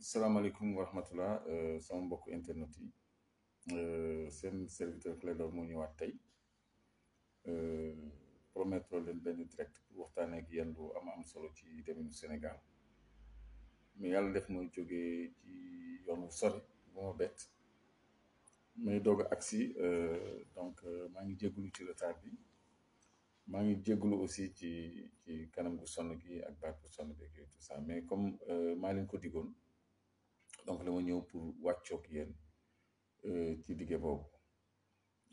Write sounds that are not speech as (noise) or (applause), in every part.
salaamaaleykum wa rahmatullah euh, sama mbokk internet yi euh, seen serviteur Clédor moo ñëwaat tey euh, promettre leen benn direct pour waxtaanee ak yéen lu am am solo ci deminu Sénégal mais yàlla def mooy jóge ci yoon wu sori bu ma bett may doog a agsi donc maa ngi jégalu ci retard bi maa ngi jégalu aussi ci ci kanam gu sonn gi ak baat bu sonn beeg yooyu tout mais comme maa leen ko diggoon. donc dama ñëw pour wàccoog yéen euh, ci digge boobu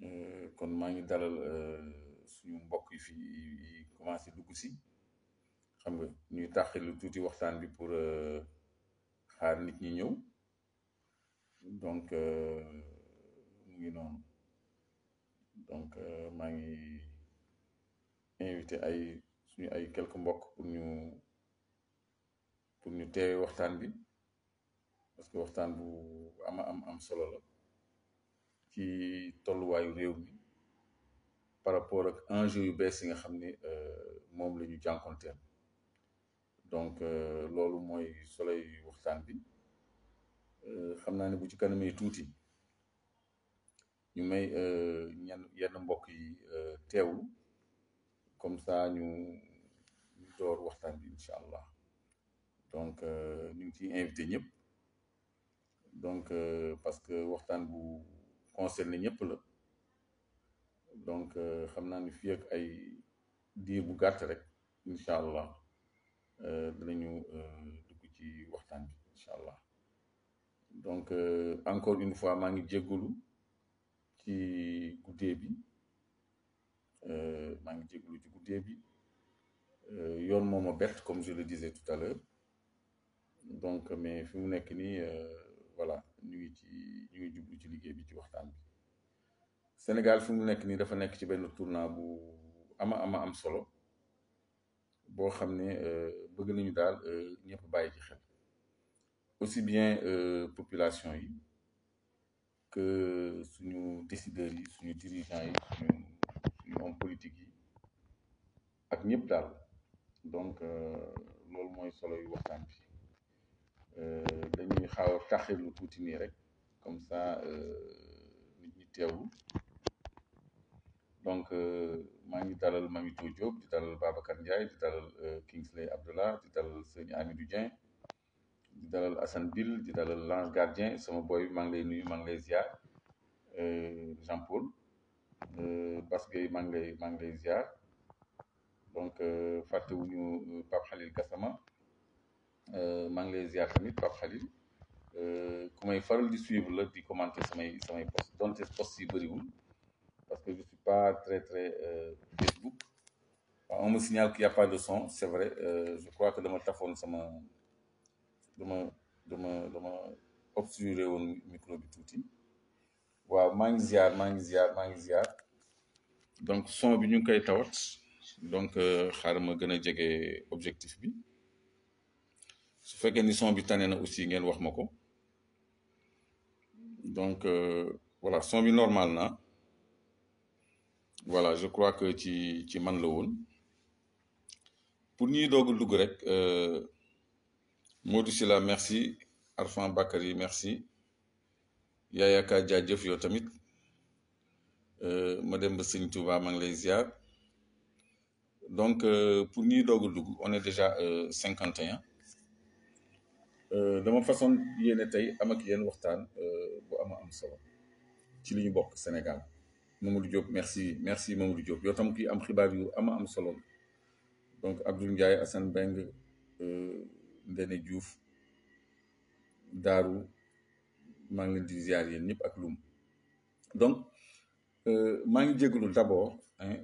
euh, kon maa ngi dalal euh, suñu mbokk yi fi commencé dugg si xam nga ñuy tax tàqalu tuuti waxtaan bi pour xaar nit ñu ñëw donc mu ngi noonu donc maa ngi invité ay suñu ay quelques mbokk pour ñu pour ñu teewe waxtaan bi parce que waxtaan bu ama am am solo la ci tolluwaayu réew mi par rapport ak enjeu yu bees yi nga xam ni euh, moom la ñu jànkonteel donc euh, loolu mooy solo yu waxtaan bi euh, xam naa ne bu ci kanamee tuuti ñu may ñenn yenn mbokk yi teewlu comme ça ñu door waxtaan bi incha allah donc ñu ngi ciy invité ñëpp. donc euh, parce que waxtaan bu concerné ñëpp la donc euh, xam naa ni fii ay diir bu gàtt rek incha allah euh, dinañu dugg ci waxtaan bi incha allah donc encore une fois maa ngi jégalu ci guddee bi maa ngi jégalu ci guddee bi yoon moom ma bett comme je le disais tout à l'heure donc mais fi mu nekk nii. voilà ñu ngi ci ñu ngi jublu ci liggéey bi ci waxtaan bi Sénégal fi mu nekk nii dafa nekk ci benn tournant bu ama ama am solo boo xam ne euh, bëgg nañu daal euh, ñëpp bàyyi ci xel aussi bien euh, population yi que suñu décideurs yi suñu dirigeants yi suñu suñu homme politique yi ak ñëpp daal donc loolu mooy solo yu waxtaan bi Euh, dañuy xaw a taxirlu tuuti nii rek comme ça euh, nit ñi teewlu donc euh, maa ngi dalal Mamito Diop di dalal Babacar Ndiaye di dalal Kingsley Abdallah di dalal Sëñ Amidou Dieng di dalal Assane di dalal Lange Gardien sama boy maa nuyu maa ngi lay ziar Jean Paul Bas Gueye maa ngi lay maa ngi lay donc fàttewuñu Pape Khalil Gassama Euh, maa ngi lay ziar tamit Pape Khalil euh, ku may faral di suivre la di commenter samay samay post donte post yi bëriwul parce que je suis pas très très euh, Facebook waaw on me signale qu'il y a pas de son c'est vrai je crois que dama tafoon sama dama dama dama obsturé woon micro bi tuuti waaw maa ngi ziar maa ngi ziar maa ngi ziar donc son bi ñu ngi koy tawat donc xaaral ma gën a jege objectif bi. su fekkee ni son bi tane na aussi ngeen wax ma ko donc euh, voilà son bi normal na voilà je crois que ci ci man la woon pour ñuy doog dugg rek euh, Modou la merci Arfan Bakary merci Yaya Ka jaajëf yow tamit euh, ma dem ba Sëñ Touba maa ngi donc pour ñuy doog dugg on est déjà cinquante et Euh, dama façon yéene tey am ak yéen waxtaan euh, bu ama am solo ci lu ñu bokk Sénégal du jóob merci merci du Diop yow tam ki am xibaar yu am am solo donc Abdoul Ndiaye Assane Beng euh, Ndene juuf Daaru maa ngi leen di yéen ñëpp ak lum donc maa ngi jégalu d'abord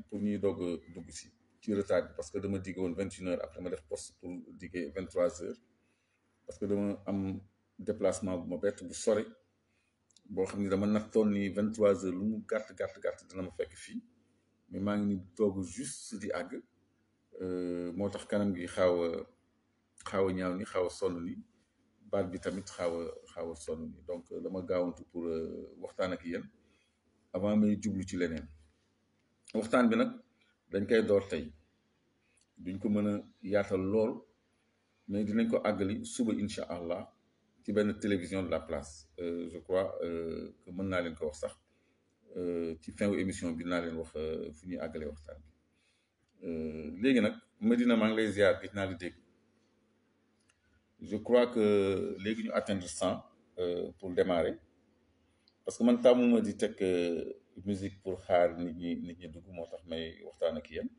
pour ñuy doog dugg si ci retard bi parce que dama digg woon vingt une heures après ma def post pour diggee vingt trois heures parce que dama am déplacement bu ma bett bu sori boo xam ni dama ton ni vingt trois heures lu mu gàtt gàtt gàtt dana ma fekk fii mais maa ngi ni toog juste di àgg euh, moo tax kanam gi xaaw a xaaw a ñaaw ni xaaw a sonn ni baat bi tamit xaaw a xaaw a sonn ni donc euh, dama gaawantu pour euh, waxtaan ak yéen avant may jublu ci leneen waxtaan bi nag dañ koy door tey duñ ko mën a yaatal lool mais dinañ ko àggali suba incha allah ci benn télévision de la place euh, je crois euh, que mën naa leen ko wax sax euh, ci fin wu émission bi naa leen wax fu ñuy àggalee waxtaan bi léegi nag Medina maa ngi lay ziar gis naa di dégg je crois que léegi ñu atteindre cent pour démarrer parce que man tàmmuma di teg musique pour xaar nit ñi nit ñi dugg moo tax may waxtaan ak yéen.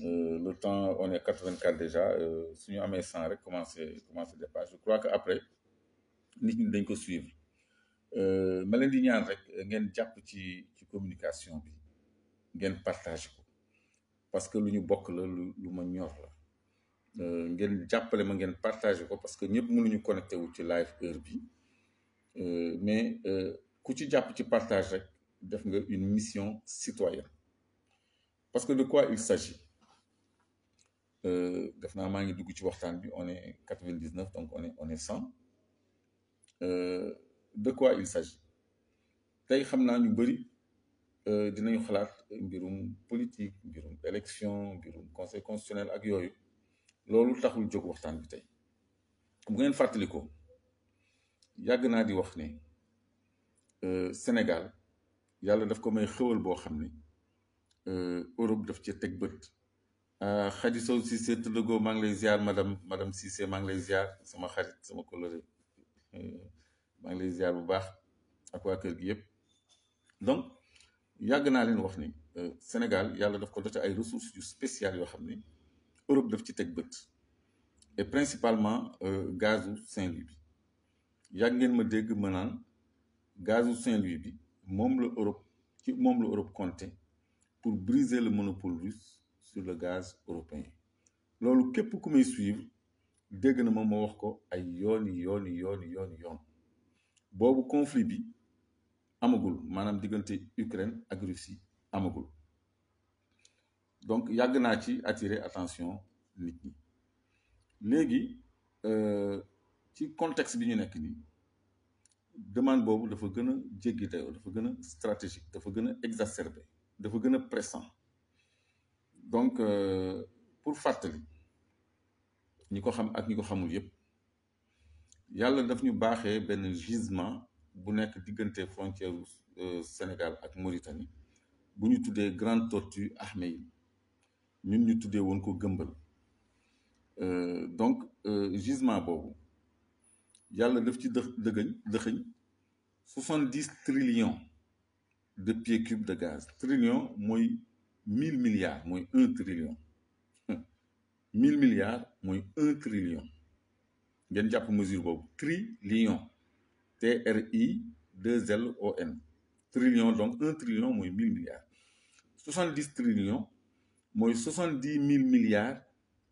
Euh, le temps on est 84 déjà euh, su ñu amee 100 rek commencé commencé dépassé je crois que après nit ñi dañ ko suivre euh, ma leen di ñaan rek ngeen jàpp ci ci communication bi ngeen partage ko parce que lu ñu bokk la lu lu ma ñor la ngeen jàppale ma ngeen partage ko parce que ñëpp mënuñu connecté wu ci live heure bi mais ku ci jàpp ci partage rek def nga une mission citoyenne parce que de quoi il s'agit Euh, def naa maa ngi dugg ci waxtaan bi on est quatre vingt dix neuf donc on est on est cent euh, de quoi il s'agit tey xam naa ñu bëri euh, dinañu xalaat mbirum politique mbirum élection mbirum conseil constitutionnel ak yooyu loolu taxul jóg waxtaan bi tey bu ngeen ko yàgg naa di wax ne Sénégal yàlla daf ko may xéwal boo xam ne Europe daf ci teg bët Euh, Khady Sow Cissé Tëddëgoo maa ngi lay ziar madame madame Cissé maa ngi lay ziar sama xarit sama coloré euh, maa ngi lay ziar bu baax ak waa kër gi yëpp donc yàgg naa leen wax ni euh, Sénégal yàlla daf ko dote ay ressources yu spéciales yoo xam ne Europe daf ci teg bët et principalement gazu Saint-Louis bi yàgg ngeen ma dégg ma naan gazu Saint-Louis bi moom la Europe ci moom la Europe compté pour briser le monopole russe sur le gaz européen loolu képp ku may suivre dégg na ma ma wax ko ay yoon yi yoon yi yoon yoon yoon boobu conflit bi amagul maanaam diggante Ukraine ak Russie amagul donc yàgg naa ci attirer attention nit ñi léegi euh, ci contexte bi ñu nekk nii demande boobu dafa gën a jéggi dayoo dafa gën a stratégique dafa gën a exacerbé dafa gën a pressant donc euh, pour fàttali ñi ko xam ak ñi ko xamul yépp yàlla daf ñu baaxee benn gisement bu nekk diggante frontière euh, Sénégal ak Mauritanie bu ñu tuddee Grande Tortue Ahmeyim ñun ñu tuddee woon ko gëmbal euh, donc gisement boobu yàlla daf ci dë dëgëñ dëxëñ soixante-dix trillions de pieds cubes de gaz trillion mooy mille milliards mooy un trillion (laughs) mille milliards mooy un trillion ngeen jàpp mesure boobu trillion T R I deux L trillion donc un trillion mooy mille milliards soixante dix trillion mooy soixante dix mille milliards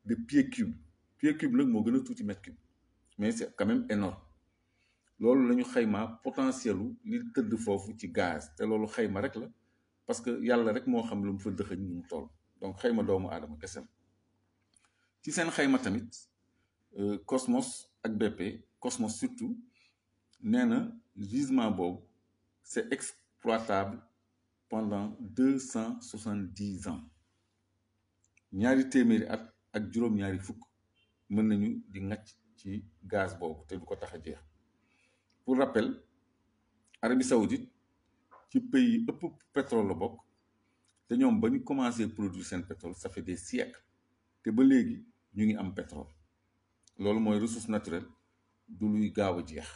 de pieds cubes pieds cubes nag moo gën a tuuti mètre cube mais c'est quand énorme loolu lañu xayma xaymaa potentiel lu li tëdd foofu ci gaz te loolu xayma rek la. parce que yàlla rek moo xam lu mu fa dëxëñ nu mu toll donc xayma doomu aadama kese ci seen xayma tamit euh, Cosmos ak BP Cosmos surtout nee na gisement boobu c'est exploitable pendant deux cent soixante dix ans ñaari téeméeri at ak juróom-ñaari fukk mën nañu di ngacc ci gaz boobu te du ko tax a jeex pour rappel Arabie Saoudite ci pays yi ëpp pétrole la bokk te ñoom ba ñu commencé produit seen pétrole ça fait des siècles te ba léegi ñu ngi am pétrole loolu mooy ressource naturelle du luy gaaw a jeex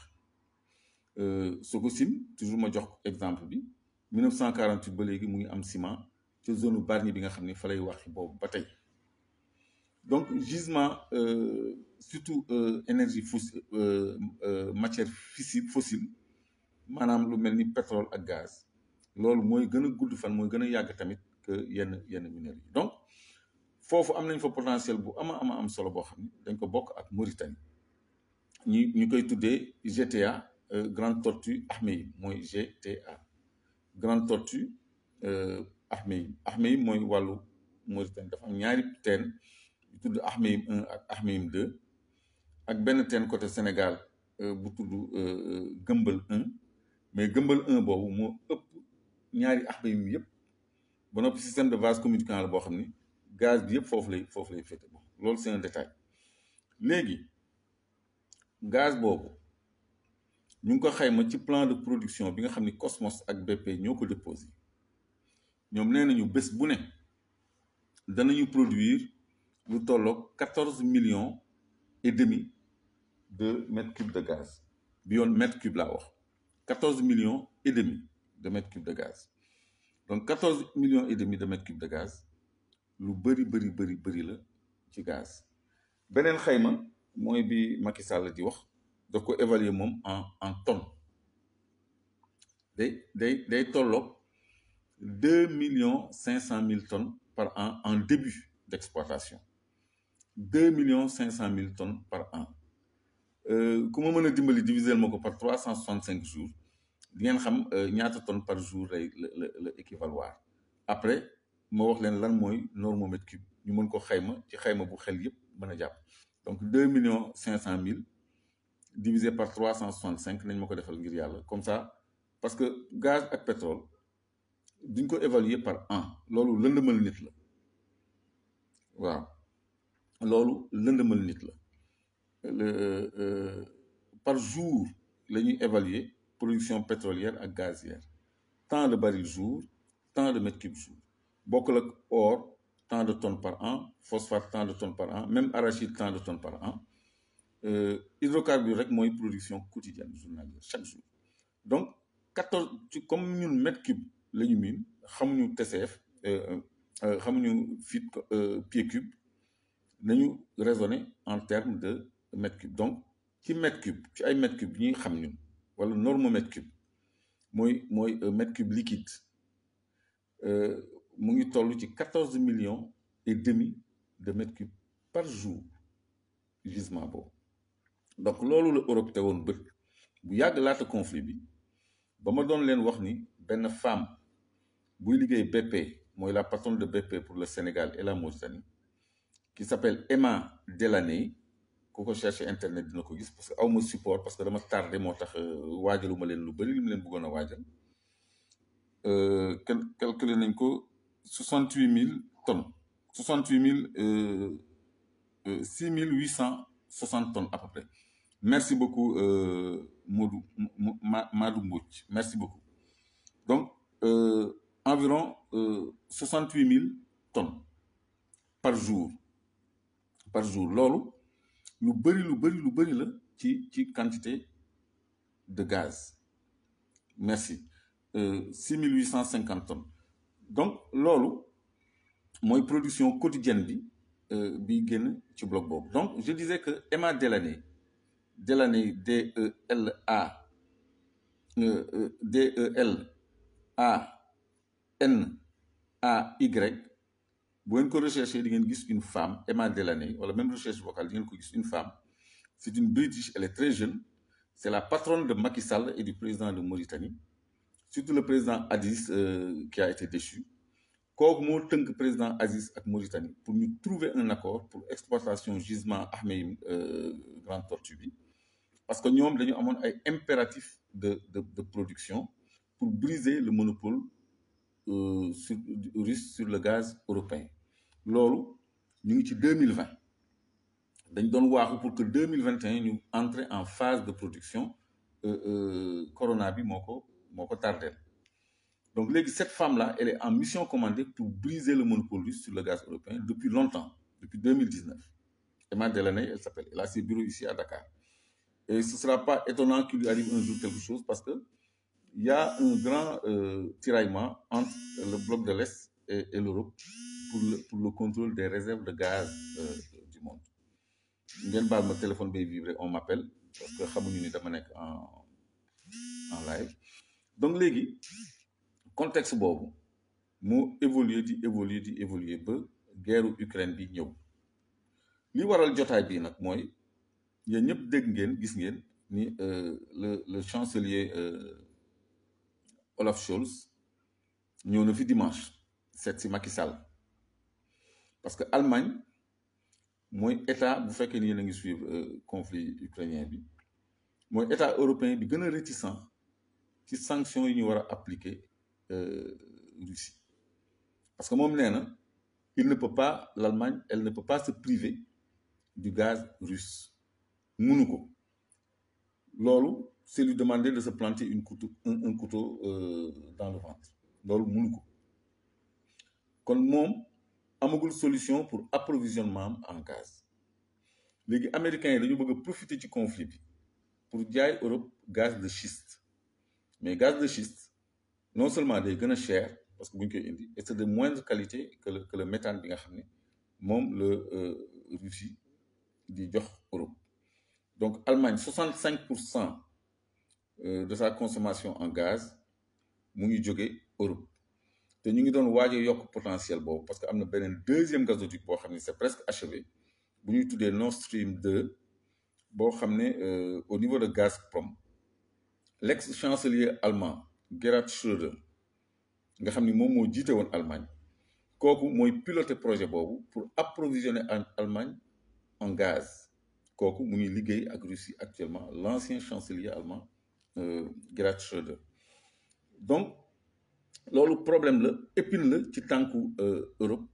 euh, Sococim toujours ma jox exemple bi 1948 ba léegi mu ngi am ciment ci zone Bargny bi nga xam ne fa lay waxi boobu ba tey donc gisement euh, surtout euh, énergie fossile matière fissile fossile maanaam lu mel ni pétrole ak gaz loolu mooy gën a gudd fan mooy gën a yàgg tamit que yenn yenn minerais yi donc foofu am nañ fa potentiel bu ama ama am solo boo xam ne dañ ko bokk ak Mauritanie ñi ñu koy tuddee GTA euh, Grande Tortue Ahmeyim mooy GTA Grande Tortue euh, Ahmeyim Ahmeyim mooy wàllu Mauritanie dafa am ñaari teen yu tudd Ahmeyim 1 ak Ahmeyim 2 ak benn teen côté Sénégal euh, bu tudd Gëmbal 1 mais gëmbal un boobu moo ëpp ñaari APM yëpp ba noppi système de vase communicant la boo xam ni gaz bi yëpp foofu lay foofu lay féete bon loolu c'est un détail léegi gaz boobu ñu ngi ko xayma ci plan de production bi nga xam ni Cosmos ak bépp ñoo ko déposé ñoom nee nañu bés bu ne danañu produire lu tolloog quatorze millions et demi de mètres cubes de gaz bi yoon mètre cube laa wax. 14 millions et demi de mètres cubes de gaz donc 14 millions et demi de mètres cubes de gaz lu bëri bëri bëri bëri la ci gaz beneen xayma mooy bi Macky Sall di wax da ko évaluer moom en en tonnes day day day tolloog deux millions cinq cent mille tonnes par an en début d'exploitation deux millions cinq cent mille ton par an Euh, ku ma mën a dimbali diviser ma ko par trois cent soixante cinq jours di ngeen xam euh, ñaata tonnes par jour lay la la la équivaloir après ma wax leen lan mooy norme mètre cube ñu mën ko xayma ci xayma bu xel yëpp mën a jàpp donc deux millions cinq cent milles divisé par trois cent soixante cinq nañ ma ko defal ngir yàlla comme ça parce que gaz ak pétrole duñ ko évaluer par an loolu lëndëmal nit la waaw loolu lëndëmal nit la. le euh, par jour la ñuy évaluer production pétrolière ak gazière tant de baril jour tant de mètre cube jour bokkul ak or tant de tonnes par an phosphate tant de tonnes par an même arachide tant de tonnes par an euh, hydrocarbures rek mooy production quotidienne journalière chaque jour donc quatorze ci comme ñun mètre cube la ñu miin xamuñu TCF euh, euh, xamuñu fit pied cube nañu raisonner en termes de mètre cube donc ci mètre cube ci ay mètre cube yi ñuy xam ñun wala norme mètre cube mooy mooy euh, mètre cube liquide euh, mu ngi toll ci quatorze millions et demi de mètres cubes par jour gisement boobu donc loolu la Europe te woon bët bu yàgg laata conflit bi ba ma doon leen wax ni benn femmes buy liggéey BP mooy la patronne de BP pour le Sénégal et la Mauritanie qui s'appelle Emma Delaney ku ko cherché internet dina ko gis parce que aw ma support parce que dama tardé moo tax euh, waajaluma leen lu bëri li mu leen bëggoon a waajal cal euh, calculé nañ ko soixante huit mille tonnes soixante huit mille euh, six mille huit cent soixante tonnes à merci beaucoup Modou Madou merci beaucoup donc environ soixante huit mille tonnes par jour par jour loolu lu bëri lu bëri lu bëri la ci ci quantité de gaz merci euh, six mille cent cinquante tonnes donc loolu mooy production quotidienne bi euh, bi génn ci bloc boobu donc je disais que Emma Delaney Delaney D E L A euh, D E L A N bu ngeen ko recherché di ngeen gis une femme Emma Delaney wala même recherche vocale di ngeen ko gis une femme c'est une British elle est très jeune c'est la patronne de Macky Sall et du président de Mauritanie surtout le président Aziz euh, qui a été déchu kooku moo tënk président Aziz ak Mauritanie pour ñu trouver un accord pour exploitation gisement Ahmeyim euh, Grande Tortue bi parce que ñoom dañu amoon ay impératifs de de production pour briser le monopole euh, sur, russe sur le gaz européen loolu ñu ngi ci deux mille vingt dañ doon waaxu pour que deux mille vingt et un ñu en phase de production euh, euh, corona bi moo ko moo ko tardeel donc léegi cette femme là elle est en mission commandée pour briser le monopole russe sur le gaz européen depuis longtemps depuis deux mille dix neuf Emma Delaney elle s'appelle elle a ses bureaux ici à Dakar et ce sera pas étonnant qu'il lui arrive un jour quelque chose parce que il y a un grand euh, tiraillement entre le bloc de l'Est et, et l'Europe pour le pour le contrôle des réserves de gaz euh, du monde ngeen baal ma téléphone bay vibré on m'appelle parce que xamuñu ni dama nekk en en live donc léegi contexte boobu moo évoluer di évoluer di évoluer ba guerru Ukraine bi ñëw li waral jotaay bii nag mooy yéen ñëpp dégg ngeen gis ngeen ni euh, le le chancelier euh, Olaf Scholz ñëw na fi dimanche seet si Macky Sall parce que Allemagne mooy état bu fekkee nii yéen a ngi suivre euh, conflit ukrainien bi mooy état européen bi gën a réticent ci sanctions yi ñu war a appliquer euh, Russie parce que moom nee na il ne peut pas l'Allemagne elle ne peut pas se priver du gaz russe munu ko loolu c'est lui demander de se planter une couteau un, un couteau euh, dans le ventre loolu munu ko kon moom amagul solution pour approvisionnement am en gaz léegi américain yi dañu bëgg a profiter ci conflit bi pour jaay Europe gaz de schiste mais gaz de schiste non seulement day gën a cher parce que bu koy indi et c'est de moindre qualité que le que le méthane bi nga xam ne moom la euh, Russie di jox Europe donc Allemagne 65 pour cent euh, de sa consommation en gaz mu ngi jóge Europe. te ñu ngi doon waaj a yokk potentiel boobu parce que am na beneen deuxième gazoduc boo xam ne c'est presque achevé bu ñuy tuddee Nord Stream 2 boo xam ne euh, au niveau de Gazprom l'ex chancelier allemand Gerhard Schröder nga xam ni moom moo jiite woon Allemagne kooku mooy piloter projet boobu pour approvisionner en Allemagne en gaz kooku mu ngi liggéey ak Russie actuellement l'ancien chancelier allemand euh, Gerhard Schröder donc loolu problème la épine la ci tànku euh, Europe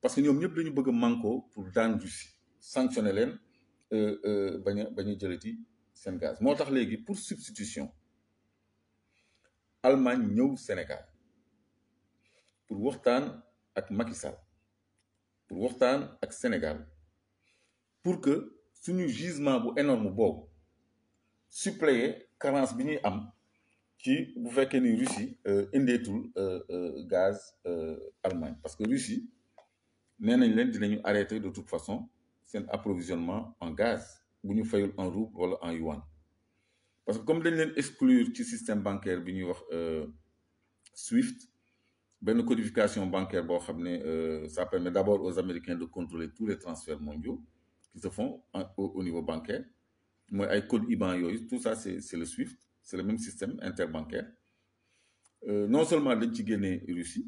parce que ñoom ñëpp dañu bëgg a manko pour daan Russie sanctionné leen euh, euh, bañ a bañ a jëlati seen gaz moo tax léegi pour substitution Allemagne ñëw Sénégal pour waxtaan ak Macky Sall pour waxtaan ak Sénégal pour que suñu gisement bu énorme boobu suppléer carence bi ñuy am ci bu fekkee ni Russie euh, indeetul euh, euh, gaz Allemagne parce que Russie nee nañ leen dinañu arrêter de toute façon seen approvisionnement en gaz bu ñu fayul en rouble wala en yuan parce que comme dañ leen exclure ci système bancaire bi ñuy wax SWIFT benn codification bancaire boo xam ne ça permet d'abord aux Américains de contrôler tous les transferts mondiaux qui se font au niveau bancaire mooy ay code IBAN yooy tout ça c'est le SWIFT c'est le même système interbancaire euh, non seulement dañ ci génnee Russie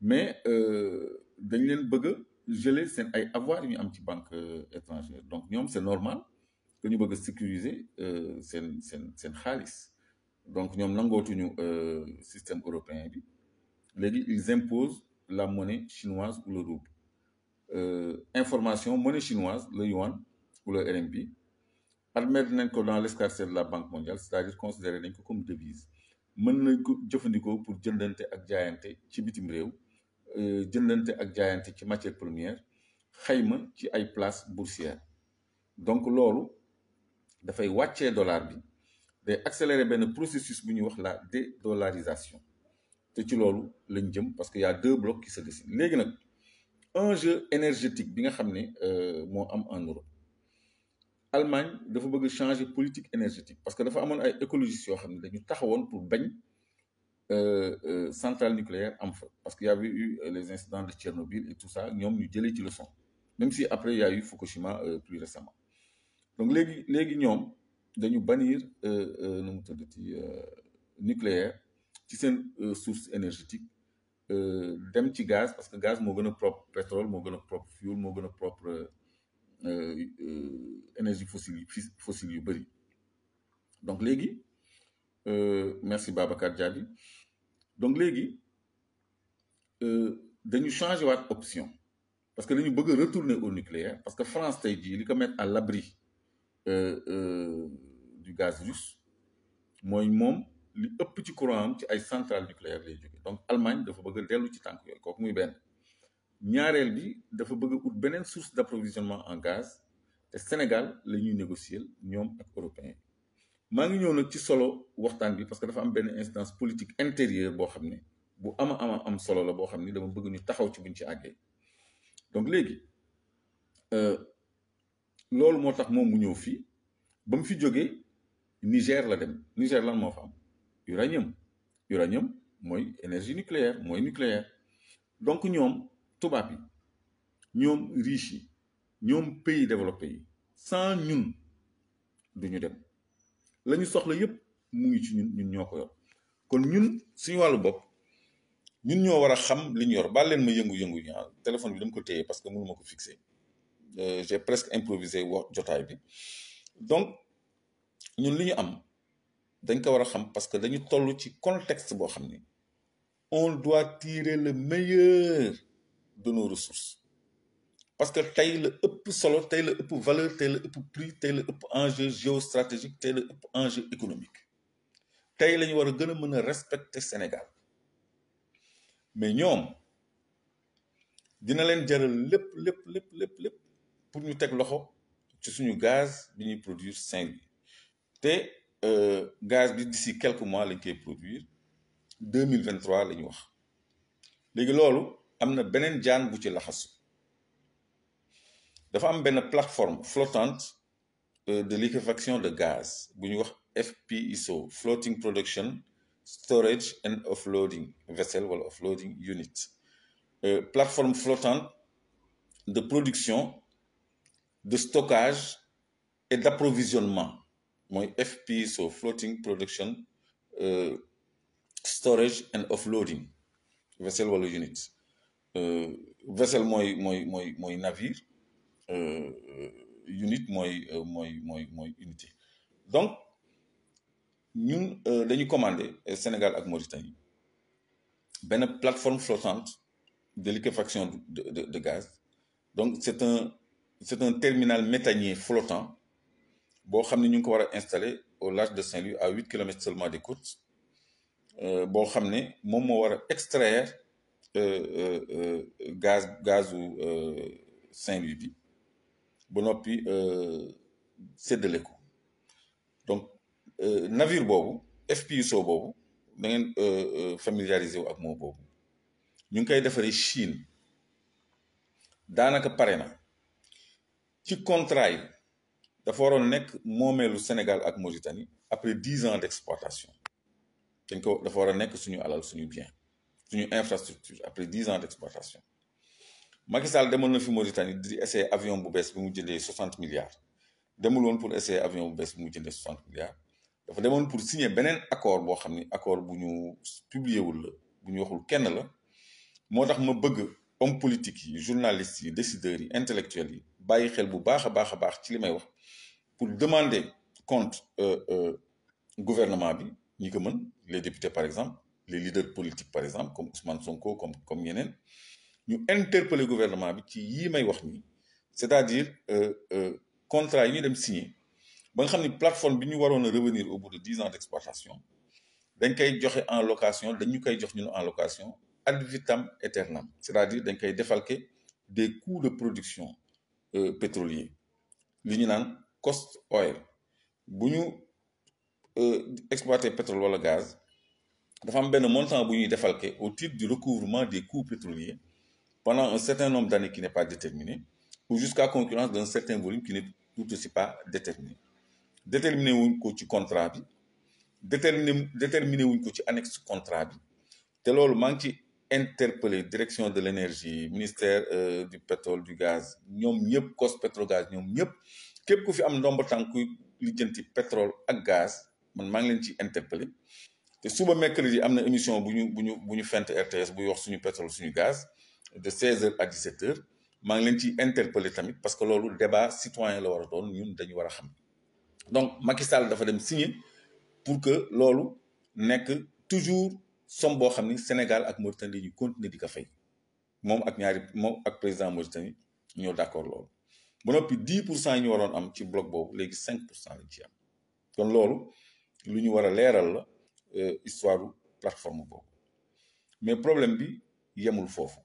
mais euh, dañ leen bëgg a geler seen ay avoir yu ñu am ci banque euh, étrangère donc ñoom c'est normal dañu ñu bëgg a sécuriser euh, seen seen seen xaalis donc ñoom nangootuñu système européen bi léegi ils imposent la monnaie chinoise ou le rouble euh, information monnaie chinoise le yuan ou le RMB admettre nañ ko dans l'escarcelle de la banque mondiale c'est-à-dire considéré nañ ko comme devise mën na ko jëfandikoo pour jëndante ak jaayante ci bitim réew euh, jëndante ak jaayante ci matière première xayma ci ay place boursière donc loolu dafay wàcce dollar bi day accélérer benn processus bu ñuy wax la dédollarisation te ci loolu lañ jëm parce que y a deux blocs qui léegi nag enjeu énergétique bi nga xam ne euh, moo am en Europe Allemagne dafa bëgg changer politique énergétique parce que dafa amoon ay écologistes yoo xam ne dañu taxawoon pour bañ euh, euh, centrale nucléaire am fa parce que y avait eu euh, les incidents de Tchernobyl et ñoom ñu jëlee ci leçon même si après y a eu Fukushima plus récemment donc léegi léegi ñoom dañu bannir nu mu tuddati nucléaire ci seen source énergétique dem ci gaz parce que gaz moo gën a propre pétrole moo gën a propre fuel moo gën a propre Euh, euh, énergie fossile fossile yu bëri donc léegi euh, merci Babacar Diaby donc léegi dañu changé waat option parce que dañu bëgg a au nucléaire parce que France tey jii li ko mettre à l'abri du gaz russe mooy moom li ëpp ci courant am ci ay centrales nucléaires lay jóge donc Allemagne dafa bëgg a dellu ci tànk yooyu kooku muy benn ñaareel bi dafa bëgg ut beneen source d' approvisionnement en gaz te Sénégal la ñuy négocier ñoom ak européens maa ngi ñëw nag ci solo waxtaan bi parce que dafa am benn instance politique intérieure boo xam ne bu ama ama am solo la boo xam ne dama bëgg ñu taxaw ci buñ ci àggee donc léegi euh, loolu moo tax moom mu ñëw fii ba mu fi jógee Niger la dem Niger lan moo fa am uranium uranium mooy énergie nucléaire mooy nucléaire donc ñoom. tubaab yi ñoom riche yi ñoom pays développé yi sans ñun du ñu dem la ñu soxla yépp mu ngi ci ñun ñun ñoo ko yor kon ñun suñu wàllu bopp ñun ñoo war a xam li ñu yor baal leen ma yëngu-yëngu yi ah, téléphone bi dama ko téye parce que mënu ma ko fixé euh, j'ai presque improvisé wax jotaay bi donc ñun li ñu am dañ ko war a xam parce que dañu toll ci contexte boo xam ni on doit tirer le meilleur de nos parce que tey la ëpp solo tey la ëpp valeur tey la ëpp prix tey la ëpp enjeu géostratégique tey la ëpp enjeu économique tey la ñu war a gën a mën a respecter Sénégal mais ñoom dina leen jaral lépp lépp lépp lépp lépp pour ñu teg loxo ci suñu gaz bi ñuy produire cinq bi te euh, gaz bi si quelque mois lañ koy produire deux mille vingt trois la ñu wax léegi loolu. am na beneen jaan bu ci laxasu dafa am benn plateforme flottante euh, de liquéfaction de gaz bu ñuy wax FPSO floating production storage and offloading vessel wala offloading unit euh, plateforme flottante de production de stockage et d'approvisionnement mooy FPSO floating production euh, storage and offloading vessel wala unit Euh, vaisselle mooy mooy mooy mooy navire euh, euh, unit mooy mooy mooy mooy unité donc ñun dañu commandé Sénégal ak Mauritanie benn plateforme flottante de liquéfaction de de de gaz donc c'est un c'est un terminal méthanier flottant boo xam ne ñu ngi ko war a installé au large de Saint-Louis à huit kilomètres seulement des côtes boo xam ne moom moo war a extraire. Euh, euh, euh, gaz gazu Saint-Louis bi ba noppi séddale ko donc navir boobu FPSO boobu da ngeen familiarisé wu ak moo boobu ñu ngi koy defaree Chine daanaka pare na ci contrat yi dafa waroon nekk moomeelu Sénégal ak Mauritanie après dix ans d'exploitation dañ ko dafa war a nekk suñu alal suñu bien suñu infrastructure après dix ans d' exploitation Macky Sall demoon na fi Mauritanie di essayer avion bu bees bi mu jëndee soixante milliards demul woon pour essayer avion bu bees bi mu jëndee soixante milliards dafa demoon pour signer beneen accord boo xam ni accord bu ñu publier wul la bu ñu waxul kenn la moo tax ma bëgg homme politique yi journalistes yi décideur yi intellectuels yi bàyyi xel bu baax a baax a baax ci li may wax pour demander compte euh, euh, gouvernement bi ñi ko mën les députés par exemple les leaders politiques par exemple comme Ousmane Sonko comme comme yeneen ñu interpeller gouvernement bi ci yii may wax nii c'est-à-dire euh, euh, contrat yi ñu dem signer ba nga xam ni plateforme bi ñu waroon a revenir au bout de dix ans d'exploitation dañ koy joxe en location dañu koy jox ñun en location ad vitam aeternam c'est-à-dire dañ koy défalquer des coûts de production euh, pétrolier li ñu naan cost oil bu ñu exploiter pétrole wala gaz dafa am benn montant bu ñuy defal défalqué au titre du recouvrement des coûts pétroliers pendant un certain nombre d'années qui n'est pas déterminé ou jusqu'à concurrence d'un certain volume qui n'est tout aussi pas déterminé déterminé wuñ ko ci contrat bi déterminé déterminé wuñ ko ci annexe contrat bi te loolu maa ngi ci interpellé direction de l'énergie ministère euh, du pétrole du gaz ñoom ñëpp cos pétrogaz ñoom ñëpp képp ku fi am ndomba tànk kuy lijjanti pétrole ak gaz man maa ngi leen ci interpellé te suba mercredi am na émission bu ñu bu ñu fent RTS bu wax suñu pétrole suñu gaz de 16h à 17h maa ngi leen ci interpellé tamit parce que loolu débat citoyen la war a doon ñun dañu war a xam donc Macky Sall dafa dem signer pour que loolu nekk toujours somme boo xam ni Sénégal ak Mauritanie ñu continuer di ko fay moom ak ñaari moom ak président Mauritanie ñoo d'accord loolu ba noppi 10 pour cent yi ñu waroon am ci bloc boobu léegi cinq pour cent lañ ci loolu lu ñu war a leeral la. Euh, histoire plateforme boobu mais problème bi yemul foofu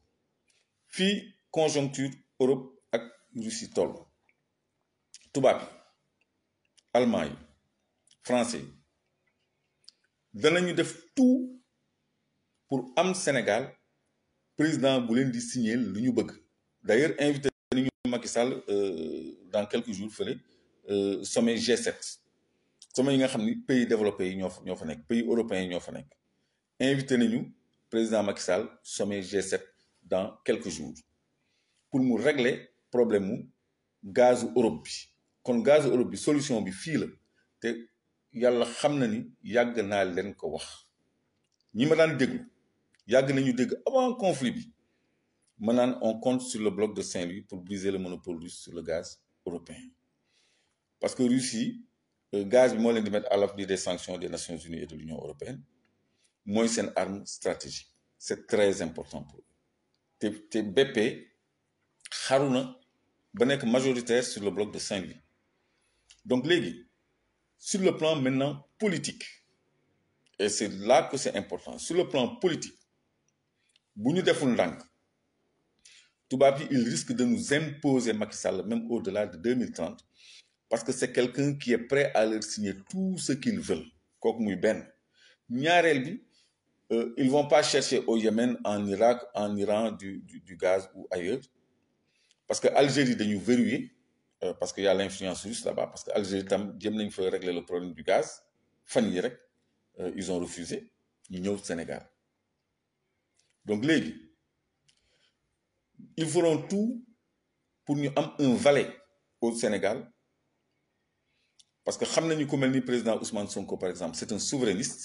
fii conjoncture Europe ak Russie toll tubaab yi allemand yi français yi danañu def tout pour am Sénégal président bu leen di signer lu ñu bëgg d'ailleurs invité nañu Macky Sall euh, dans quelques jours fële euh, sommet G7 sommet yi nga xam ni pays développé yi ñoo fa ñoo fa nekk pays européens yi ñoo fa nekk invité nañu président Macky Sall sommet g dans quelques jours pour mu régle problème mu gazu Europe bi kon gazu Europe bi solution bi fii la te yàlla xam na ni yàgg naa leen ko wax ñi ma daan déglu yàgg nañu dégg avant conflit bi ma naan on compte sur le bloc de Saint-Louis pour briser le monopole russe sur le gaz européen parce que Russie Euh, gaz bi moo leen di mettre à l'abri des sanctions des Nations Unies et de l'Union européenne mooy seen arme stratégique c'est très important pour te te BP xaru na ba nekk majoritaire sur le bloc de Saint-Louis donc léegi sur le plan maintenant politique et c'est là que c'est important sur le plan politique bu ñu deful ndànk tubaab yi il risque de nous imposer Macky Sall même au-delà de 2030 parce que c'est quelqu'un qui est prêt à leur signer tout ce qu'ils veulent kooku muy benn ñaareel bi euh, ils vont pas chercher au Yémen en Irak en Iran du du, gaz ou ailleurs parce que Algérie dañu verrouillé euh, parce que y a l'influence russe là-bas parce que Algérie tam jëm nañ fa régler le problème du gaz fan yi rek euh, ils ont refusé ñu ñëw Sénégal donc léegi ils feront tout pour ñu am un valet au Sénégal parce que xam nañu ku mel ni président Ousmane Sonko par exemple c' est un souverainiste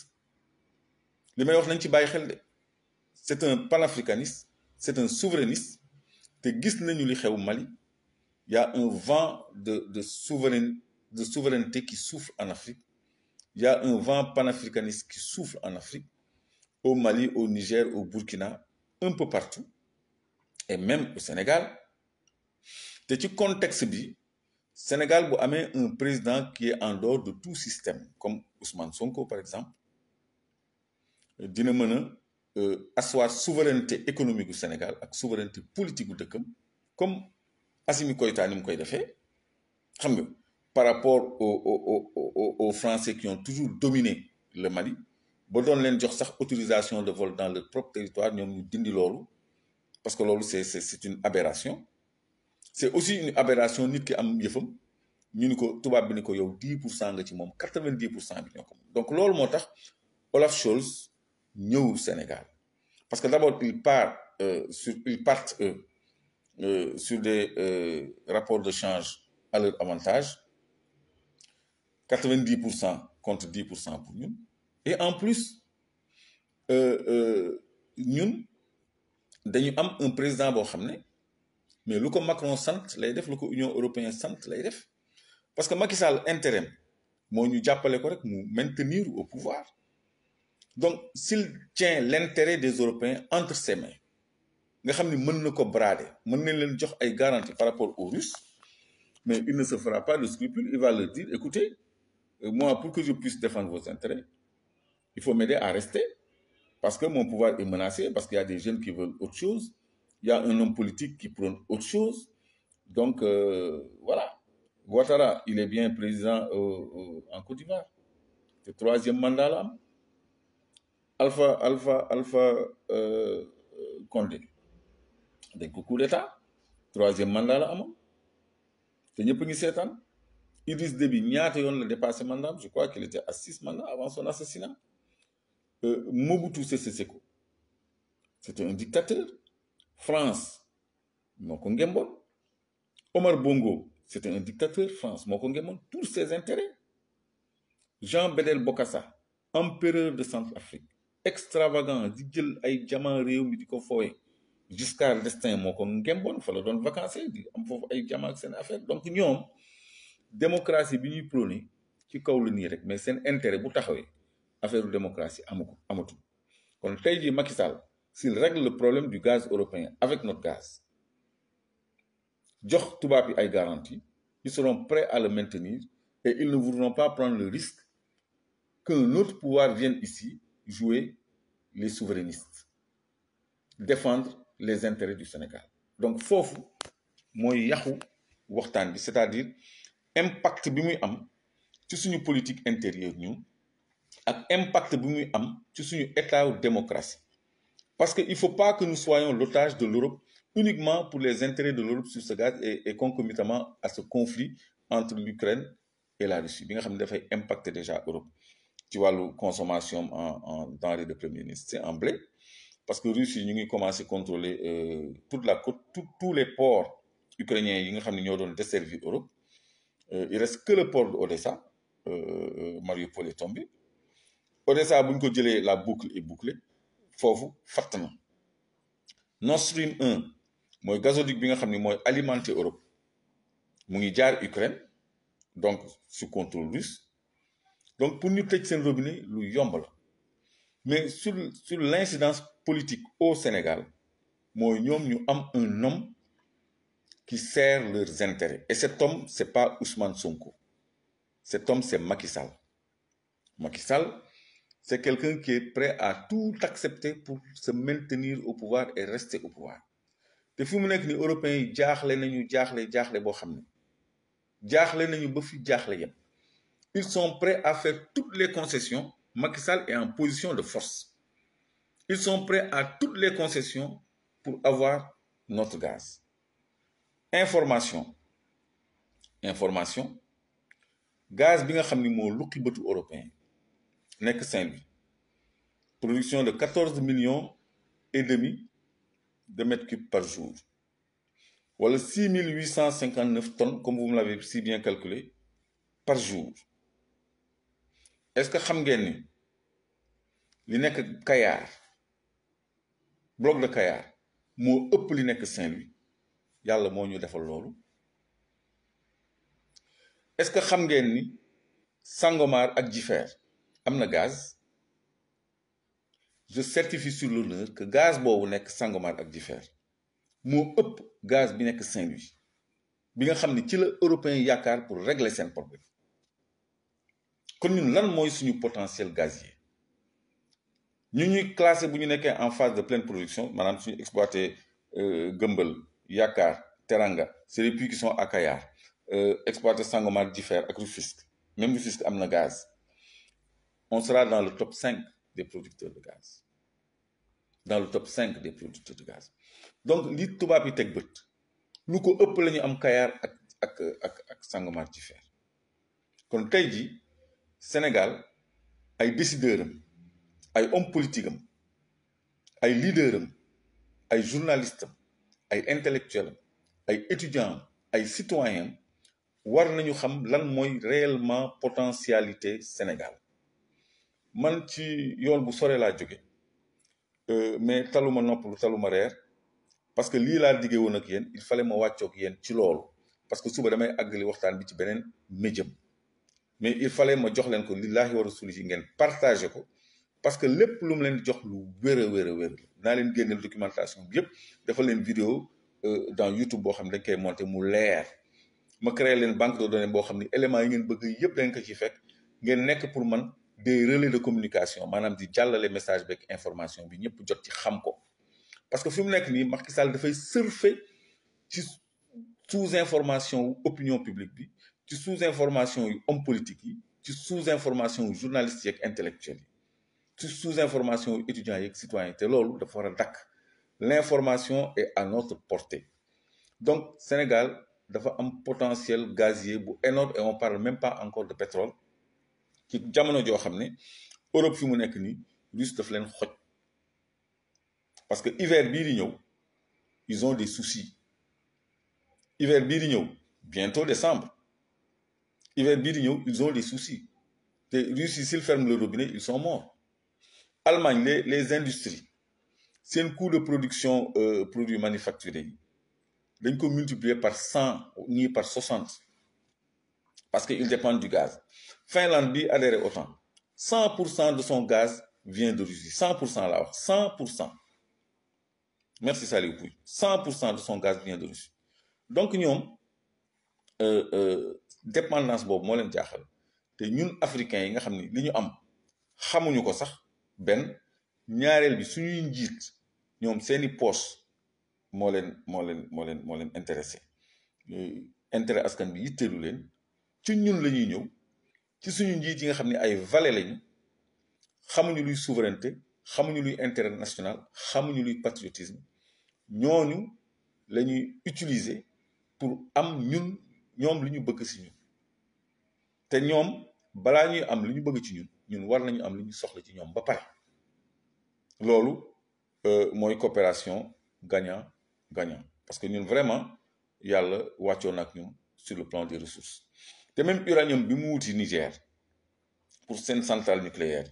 li may wax nañ ci bàyyi xel de c' est un panafricaniste c' est un souverainiste te gis nañu li xew Mali y' un vent de de souverain de souveraineté qui souffle en Afrique y' un vent panafricaniste qui souffle en Afrique au Mali au Niger au Burkina un peu partout et même au Sénégal te ci contexte bi. Sénégal bu amee un président qui est en dehors de tout système comme Ousmane Sonko par exemple dina mën a euh, asseoir souveraineté économique gu Sénégal ak souveraineté politique gu dëkkam comme Assimi Koïta ni mu koy defee xam nga par rapport aux aux aux aux Français qui toujours dominé le Mali bo doon leen jox sax autorisation de vol dans leur propre territoire ñoom ñu dindi loolu parce que loolu c'est c'est une aberration. c'est aussi une aberration nit ki am yëfam ñu ni ko tubaab bi ni ko yow 10 pour cent nga ci moom 90 pour cent bi ñoo ko moom donc loolu moo tax Olaf Scholz ñëw Sénégal parce que d'abord il part euh, sur ils partent euh, euh, sur des euh, rapports de change à leur avantage 90 pour cent contre 10 pour cent pour ñun et en plus euh, euh, ñun dañu am un président boo xam ne mais lu ko Macron sant lay def lu ko Union européenne sant lay def parce que Macky Sall intérim moo ñu jàppale ko rek mu maintenir au pouvoir donc s'il tient l'intérêt des Européens entre ses nga xam ni mën na ko brader mën nañ leen jox ay garanties par rapport aux Russes mais il ne se fera pas de scrupule il va leur dire écoutez euh, moi pour que je puisse défendre vos intérêts il faut m'aider à rester parce que mon pouvoir est menacé parce qu'il y a des il y a un homme politique qui prône autre chose. Donc, euh, voilà. Ouattara, il est bien président euh, en Côte d'Ivoire. C'est troisième mandat là. Alpha, Alpha, Alpha euh, euh, Condé. dañ ko coup d'état troisième mandat la am te ñëpp ngi seetaan Idriss Déby ñaata yoon la dépassé mandat je crois qu'il était à six mandats avant son assassinat euh, Mobutu Sese Seko c'était un dictateur France moo ko ngemboon Omar Bongo c'était un dictateur France moo ko ngemboon tous ses intérêts Jean Bédel Bokassa empereur de Centrafrique extravagant di jël ay jaman réew mi di ko fooye Giscard d'Estaing moo ko ngemboon fa doon vacances di am foofu ay jaman ak seen affaire donc ñoom démocratie bi ñuy prôné ci kaw la nii rek mais seen intérêt bu taxawee affaire démocratie amu ko amatul kon tey jii Macky s'il règle le problème du gaz européen avec notre gaz jox tubaab yi ay garantie ils seront prêts à le maintenir et ils ne voudront pas prendre le risque qu'un autre pouvoir vienne ici jouer les souverainistes défendre les intérêts du Sénégal donc foofu mooy yàqu waxtaan bi c'est-à-dire impact bi muy am ci suñu politique intérieure ñu ak impact bi muy am ci suñu état démocratie Parce que ne faut pas que nous soyons l'otage de l'Europe uniquement pour les intérêts de l'Europe sur ce gaz et, et, concomitamment à ce conflit entre l'Ukraine et la Russie. Bien sûr, ça impacter déjà l'Europe. Tu vois, la consommation en, en denrées de premier ministre, c'est en blé. Parce que la Russie, nous commencé à contrôler euh, la côte, tout, tous les ports ukrainiens qui ont desservi l'Europe. Euh, il reste que le port d'Odessa. Euh, euh, Mariupol est tombé. Odessa, la boucle est bouclée. foofu fatt na Nord Stream mooy gazoduc bi nga xam ni mooy alimenté Europe mu ngi jaar Ukraine donc su contrôle russe donc pour ñu tëj seen robinet lu yomb la mais sur sur l'incidence politique au Sénégal mooy ñoom ñu am un homme qui sert leurs intérêts et cet homme c'est pas Ousmane Sonko cet homme c'est Macky Sall C'est quelqu'un qui est prêt à tout accepter pour se maintenir au pouvoir et rester au pouvoir te fi mu nekk ni européens yi jaaxle nañu jaaxle jaaxle boo xam ne jaaxle nañu ba fi jaaxle yem ils sont prêts à faire toutes les concessions Macky Sall est en position de force ils sont prêts à toutes les concessions pour avoir notre gaz information information gaz bi nga xam ni moo lukki bëtu européen nekk saint production de quatorze millions et demi de mètres cubes par jour wala six mille huit cent cinquante neuf tonnes comme vous me l'avez si bien calculé par jour est-ce que xam ngeen ni li nekk Kayar bloc de Kayar moo ëpp li nekk Saint-Louis yàlla moo ñu defal loolu est-ce que xam ngeen ni Sangomar ak Jifeer am na gaz je certifie sur l'honneur que gaz boobu nekk Sangomar ak Jifeer moo ëpp gaz bi nekk saint bi nga xam ne ci la européen yaakaar pour régler seen problème kon ñun lan mooy suñu potentiel yi ñu ñuy classé bu ñu nekkee en phase de pleine production maanaam suñu exploité euh, Gëmbël Yaakaar Teranga c'est les puits qui sont à Kayar euh, exploité Sangomar Jifeer ak Rufisque même Rufisque am na gaz on sera dans le top 5 des producteurs de gaz dans le top 5 des de gaz donc li tubaab yi teg bët lu ko ëpp la ñu am Kayar ak ak ak ak ci fer kon tey ji Sénégal ay décideur am ay homme politique ay leader am ay journaliste ay intellectuel am ay étudiant ay citoyen war nañu xam lan mooy réellement potentialité Sénégal man ci yoon bu sore laa jóge euh, mais taluma noppalu taluma reer parce que lii laa diggee woon ak yéen il fallait ma wàccoog yéen ci loolu parce que suba damay àggali waxtaan bi ci beneen médium mais il fale ma jox leen ko lillaahi wa rasulihi ngeen partagé ko parce que lépp lu mu leen jox lu wér a wér a wér naa leen génneel documentation bi yëpp dafa leen vidéo euh, dans YouTube boo xam ne dañ koy monté mu leer ma créé leen banque de données boo xam ne éléments yi ngeen bëgg yëpp dañ ko ci fekk ngeen nekk pour man des relais de communication maanaam di jàllale message beeg information bi ñëpp jot ci xam ko parce que fi mu nekk nii Macky Sall dafay surfer ci sous information wu opinion publique bi ci sous information yu homme politique yi ci sous information yu journalistes yeeg intellectuels yi ci sous information yu étudiants yeeg citoyens te loolu dafa war a dakk l'information et à notre portée donc Sénégal dafa am potentiel gazier bu énorme et on parle même encore de pétrole ci jamono joo xam ne Europe fi mu nekk nii russe daf leen xoj parce que hiver bii di ñëw ils ont des soucis hiver bii di ñëw bientôt décembre hiver bii di ñëw ils ont des soucis te russe yi s'ils ferment le robinet ils sont morts Allemagne les les industries seen coût de production euh, produits manufacturés yi dañ ko multiplier par cent ni par soixante parce que ils dépendent du gaz Finlande bi adhéré OTAN cent pour cent de son gaz vient de Russie 100 pour cent laa wax 100 pour cent merci Saliou Pouy 100 cent de son gaz donc ñoom euh, euh, dépendance boobu moo leen jaaxal te ñun africains yi nga xam ni li ñu am xamuñu ko sax benn ñaareel bi suñuy njiit ñoom seeni poche moo leen moo leen moo leen moo leen intéressé euh, intérêt askan bi yitteelu leen ci ñun la ñuy ñëw. ci suñu njiit yi nga xam ne ay valet lañu xamuñu luy souveraineté xamuñu luy intérêt national xamuñu luy patriotisme ñooñu la ñuy utiliser pour am ñun ñoom li ñu bëgg si ñun te ñoom balaa ñuy am li ñu bëgg ci ñun ñun war nañu am li ñu soxla ci ñoom ba pare loolu euh, mooy coopération gagnant gagnant parce que ñun vraiment yàlla wàccoon ak ñun sur le plan des ressources te même uranium bi mu wuti Niger pour seen centrale nucléaire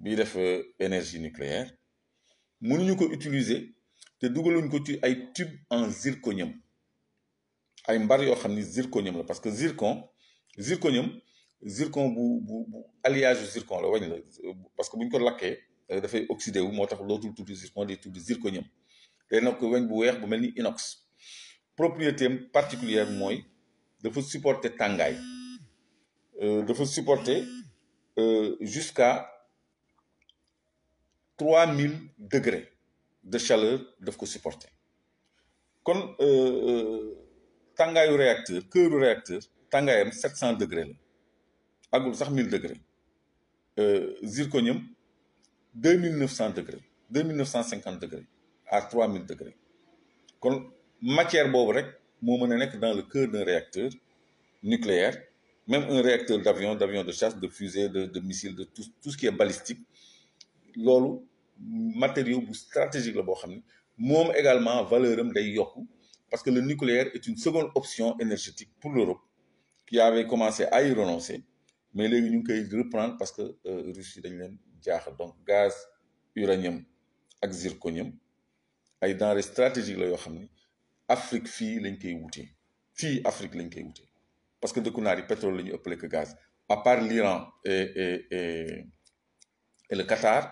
yi bii def euh, énergie nucléaire mënuñu ko utiliser te dugaluñ ko ci ay tube en zirconium ay mbar yoo xam ni zirconium la parce que zircon zirconium zircon bu bu bu alliage zircon la wañ la parce que bu ñu ko lakkee euh, dafay oxydé wu moo tax lootul tudd zircon day tudd zirconium day nag weñ bu weex bu mel ni inox propriété am particulière mooy dafa supporter tàngaay euh, dafa supporter euh, jusqu'à trois mille degré de chaleur daf ko supporter kon euh, tàngaayu réacteur cœuru réacteur tàngaayam sept cent degré la agul sax mille degré zirconium deux mille neuf cent degrés deux mille neuf cent cinquante degrés à trois mille degrés kon matière boobu rek moo mën a nekk dans le cœur d'un réacteur nucléaire même un réacteur d'avion d'avion de chasse de fusée de de missile de tout tout ce qui est balistique loolu matériau bu stratégique la boo xam ne moom également valeur am day yokku parce que le nucléaire est une seconde option énergétique pour l'Europe qui avait commencé à y renoncer mais léegi ñu ngi koy reprendre parce que euh, Russie dañ leen jaaxal donc gaz uranium ak zirconium ay denrées stratégiques la yoo xam ni Afrique fii lañ koy wute fii Afrique lañ koy wute parce que dëkku naar yi pétrole la ñu ëppale que gaz à part l'Iran et et et Qatar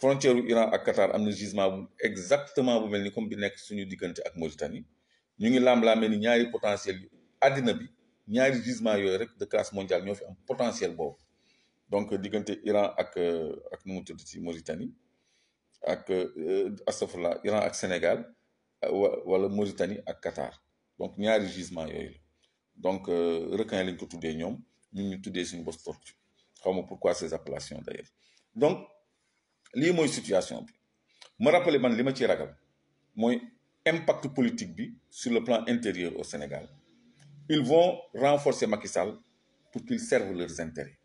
frontière Iran ak Qatar am na gisement bu exactement bu mel ni comme bi nekk suñu diggante ak Mauritanie ñu ngi laam-laamee ni ñaari potentiel yu àddina bi ñaari gisement yooyu rek de classe mondiale ñoo fi am potentiel boobu donc diggante Iran ak ak nu mu ci Mauritanie ak euh, astafurlah Iran ak Sénégal wala Mauritanie ak Qatar donc ñaari gisement yooyu la donc euh, requin lañ ko tuddee ñoom ñun ñu tuddee suñu bos tortue xaw ma pourquoi ces appellations d'ailleurs donc lii mooy situation bi ma rappelé man li ma ci ragal mooy impact politique bi sur le plan intérieur au Sénégal ils vont renforcer Macky pour qu'ils servent leurs intérêts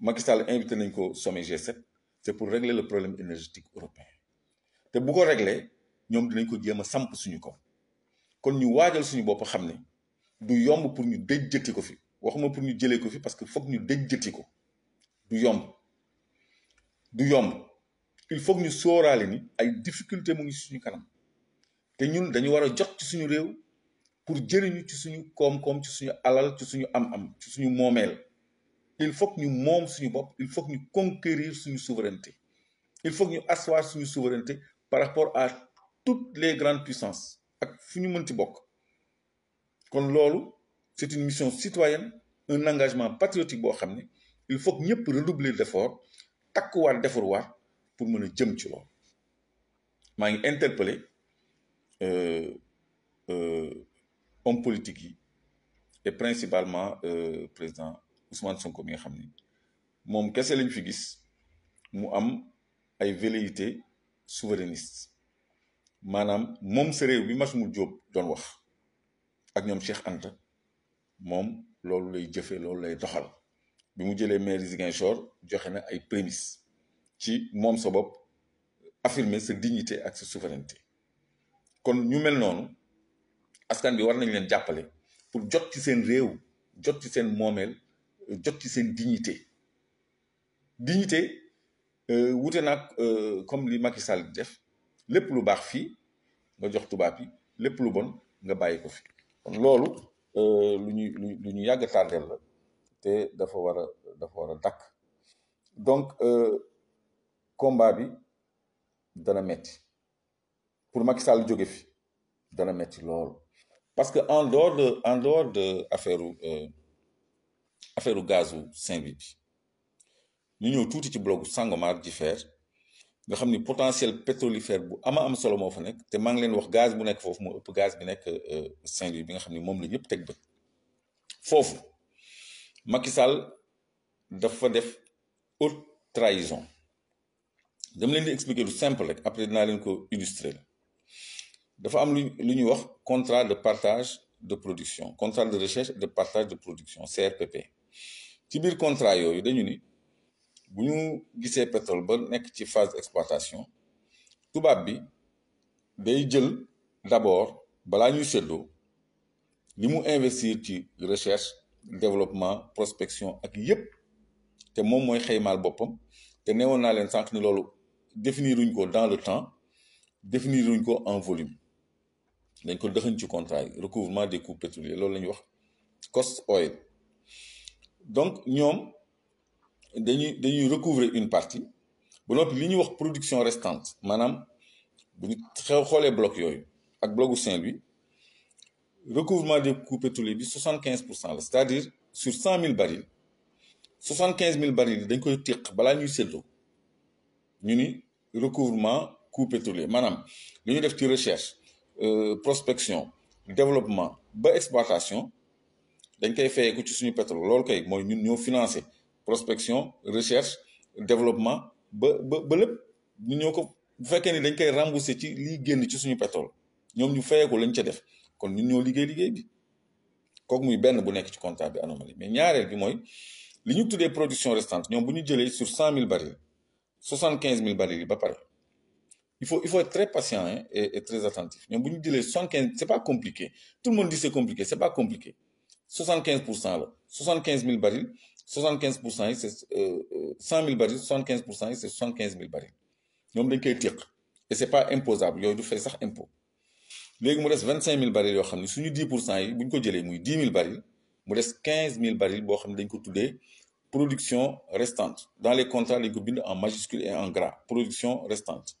Macky Sall invité nañ ko sommet G7 c'est pour régler le problème énergétique européen te bu ko régler ñoom dinañ ko jéem a samp suñu ko kon ñu waajal suñu bopp xam ne du yomb pour ñu dëj jëtti ko fi waxuma pour ñu jëlee ko fi parce que foog ñu dëj jëtti ko du yomb du yomb il foog ñu sooraale ni ay difficulté mu ngi suñu kanam te ñun dañu war a jot ci suñu réew pour jëriñu ci suñu koom-koom ci suñu alal ci suñu am-am ci suñu moomeel il foog ñu moom suñu bopp il faut que ñu conquérir suñu souveraineté il foog ñu asseoir suñu souveraineté par rapport à toutes les grandes puissances ak fu ñu mën ci bokk kon loolu c'est une mission citoyenne un engagement patriotique boo xam ne il faut que ñëpp redoubler d'effort takkuwaat defarwaat pour mën a jëm ci loolu maa ngi interpellé euh, euh, homme politique yi et principalement euh, président Ousmane Sonko mi nga xam ni moom kese lañ fi gis mu am ay velléités souverainistes maanaam moom sa réew bi Massoumou Diop doon wax ak ñoom Cheikh ant moom loolu lay jëfe loolu lay doxal bi mu jëlee maire Ziguinchor joxe na ay prémices ci moom sa bopp affirmer sa dignité ak sa souveraineté kon ñu mel noonu askan bi war nañ leen jàppale pour jot ci seen réew jot ci seen moomeel jot ci seen dignité dignité euh, wute nag euh, comme li Macky Sall def lépp lu baax fii nga jox tubaab yi lépp lu bon nga bàyyi ko fi kon loolu euh, lu ñu lu ñu yàgg tardeel la te dafa war a dafa war a dakk donc euh, combat bi dana metti pour mag Sall jóge fi dana metti loolu parce que en dehors de en dehors de affaire euh, affaire gazu saint ñu ñëw tuuti ci blogu Sangomar ji feer nga xam ni potentiel pétrolifère bu ama am solo moo fa nekk te maa ngi leen wax gaz bu nekk foofu moo ëpp gaz bi nekk euh, Saint-Louis bi nga xam ni moom la ñëpp teg bët foofu Macky Sall dafa def haute trahison dem leen di expliquer lu simple rek après naa leen ko illustrer dafa am lu lu ñuy wax contrat de partage de production contrat de recherche de partage de production CRPP ci biir contrat yooyu dañu ni bu ñu gisee pétrole ba nekk ci phase exploitation tubaab bi day jël d'abord balaa ñuy séddoo li mu investir ci recherche développement prospection ak yépp te moom mooy xaymaal boppam te neewoon naa leen sànq ni loolu définiruñ ko dans le temps définiruñ ko en volume dañ ko dëxañ ci contrat yi recouvrement coup coûts loolu lañu wax cost oil donc ñoom dañuy dañuy recouvrer une partie ba noppi li ñuy wax production restante maanaam bu ñu xew xoolee bloc yooyu ak blocu Saint-Louis recouvrement des coûts pétroliers bi soixante quinze pour cent la c'est-à-dire sur cent mille barils soixante quinze mille barils yi dañ koy téq balaa ñuy séddoo ñu ni recouvrement coûts pétroliers maanaam li ñu def ci recherche euh, prospection développement ba exploitation dañ koy fayeeku ci suñu pétrole loolu kay mooy ñun ñoo financé prospection recherche développement ba ba ba lépp ñu ñoo ko bu fekkee ni dañ koy remboursé ci lii génn ci suñu pétrole ñoom ñu fayee ko lañ ca def kon ñun ñoo liggéey liggéey bi kooku muy benn bu nekk ci comptable bi anomalie mais ñaareel bi mooy li ñu tuddee production restante ñoom bu ñu jëlee sur cent mille barils soixante quinze mille barils ba pare il faut il faut être très patient hein, et, et attentif ñoom bu ñu jëlee soixante quinze c'est pas compliqué tout le monde dit c'est compliqué pour cent la soixante quinze 75 pour cent yi c'est 100 000 barils 75 pour cent yi c'est 75 000 barils ñoom koy téq et c'est pas imposable yooyu du fay sax impôt léegi mu des 25 000 barils yoo xam ne suñu 10 pour cent yi bu ko jëlee muy 10 000 barils mu des 15 000 barils boo xam ne dañ ko tuddee production restante dans les contrats dañ ko bind en majuscule et en gras production restante